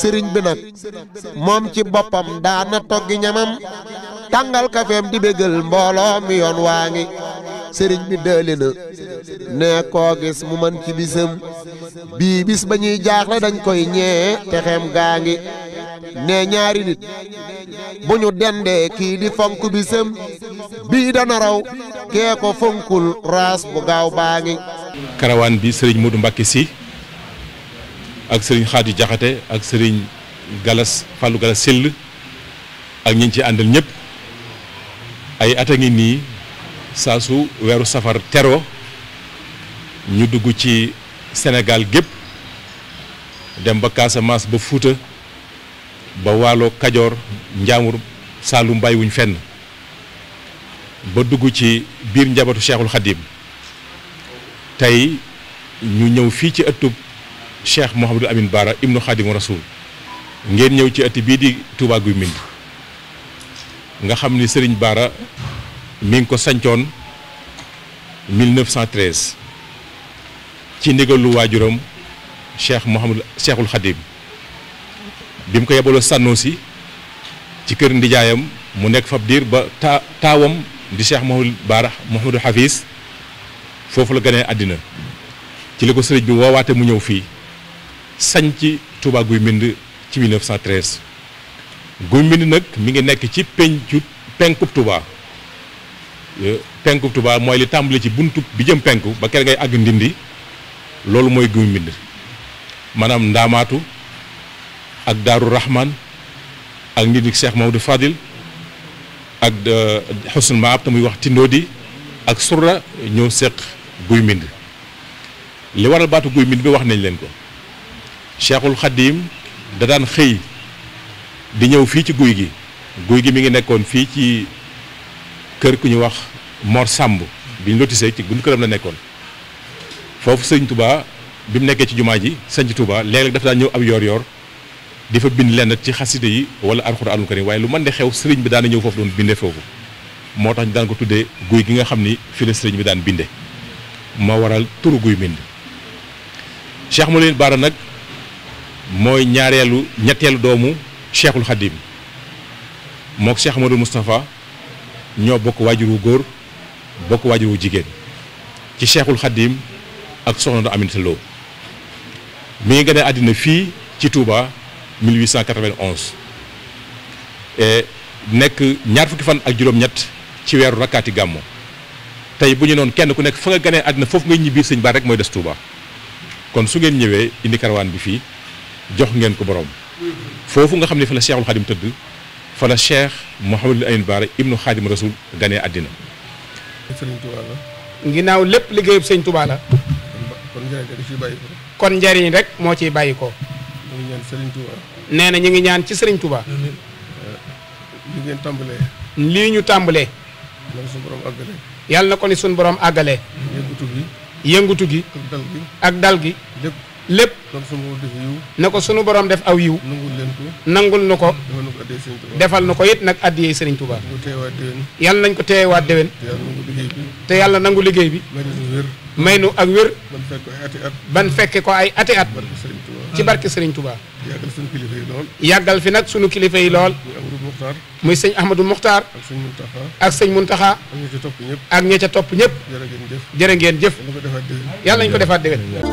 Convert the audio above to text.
sëriñ bi nag moom ci boppam daana toggi ñamam tàngal kafeem di bégal mbooloo mi yoon waa ngi sëriñ bi dëli na ne koo gis mu man ci bisam bii bis ba ñuy jaaxle dañ koy ñee te gaa ngi ne ñaari nit bu ñu dendee kii di fonk bisam bii dana raw kee ko fonkul raas bu gaaw baa ngi karawaan bi sëriñ Modou Mbacké si ak serigne khadi Jaxate ak serigne Galas falu Galas sel ak ñi ci andal ñep ay atangi ni sasu wéru safar tero ñu dugg ci Sénégal gep dem ba Casamance ba fouta ba walo kadior Njaamur salu mbay wuñ fenn ba dugg ci bir njabatu Cheikhul Khadim tay ñu ñew fi ci Cheikh Mouhamadou Amine Bara ibnu Xaadimu Rasul ngeen ñëw ci ati bii di Touba Guy Mbind nga xam ni sëriñ Bara mi ngi ko sancoon 1913 ci ndigalu waajuram Cheikh Mouhamadou Cheikhul Khadim bi mu ko yebaloo sànnoo ci kër ndijaayam mu nekk fab diir ba taawam di Cheikh Mouhamadou Bara Mouhamadou Hafiz foofu la gënee àddina ci li ko sëriñ bi woowaate mu ñëw fii sañc Touba Guy Mbind ci 1913 Guy Mbind nag mi ngi nekk ci pencu penkub Touba penkub Touba mooy li tàmbali ci buntu bi jëm penku ba kere ngay àgg ndindi loolu mooy Guy Mbind maanaam ndaamaatu ak daaru Rahman ak nit ñi Cheikh Maodo Fadil ak Xusnul euh, Maab te muy wax Tindodi ak surra ñëw seq Guy Mbind li waral baatu Guy Mbind bi wax nañ leen ko cheikhul xadim da daan xëy di ñëw fii ci guy gi guy gi mi ngi nekkoon fii ci kër ku ñu wax Mor Samb bi ñu lotisee ci gundu këram la nekkoon foofu sëñ Touba bi mu nekkee ci jumaa ji sëñ Touba léeg-léeg dafa daan ñëw ab yoor yoor di fa bind lenn ci xasida yi wala alxuraanul karim waaye lu man de xew sëriñ bi daan ñëw foofu doon bindee foofu moo tax daan ko tuddee guy gi nga xam ni fi la sëriñ bi daan binde moo waral turu guy mbind Cheikh mooy ñaareelu ñetteelu doomu cheikhul xadim mook cheikh Amadou Moustapha ñoo bokk waajuru góor bokk waajuru jigéen ci cheikhul xadim ak soxna Aminata Lo mi ngi gën a àddina fii ci Touba 1891 et nekk ñaar fukki fan ak juróom-ñett ci weeru rakkaati gàmmo tey bu ñu noon kenn ku nekk fa nga ganee àddina foofu ngay ñibbi sëñ Ba rek mooy des Touba kon su ngeen ñëwee indi karawaan bi fii. jox ngeen ko borom fofu nga xamni fa la Cheikhul Khadim teud fa la Cheikh ibnu Khadim Rasul ganee adina sëriñ Touba la. ginnaaw Touba la. kon njëriñ rek ciy kon rek ngi ñaan Touba. ngi ñaan ci sëriñ Touba. li ñu tambalé na ni sun borom agalé yengutugi ak dal lépp ne ko sunu borom def aw yiw nangul nu ko defal nu ko it nag addiyee Serigne Touba yàlla nañ ko teewaat déwén te yàlla nangu liggéey bi may nu ak wér ban fekkee ko ay ati at ci barke Serigne Touba yàggal sunu kilifa lool. yàggal fi nag sunu kilifa yi lool. muy sëñ Ahmadou Muxtaar. ak sëñ Muntaxa. ak sëñ Muntaxa. ak ña ca topp ñëpp. ak ña ca topp ñëpp. jërë ngeen jëf jërë ngeen jëf. yàlla nañu ko defaat déwén.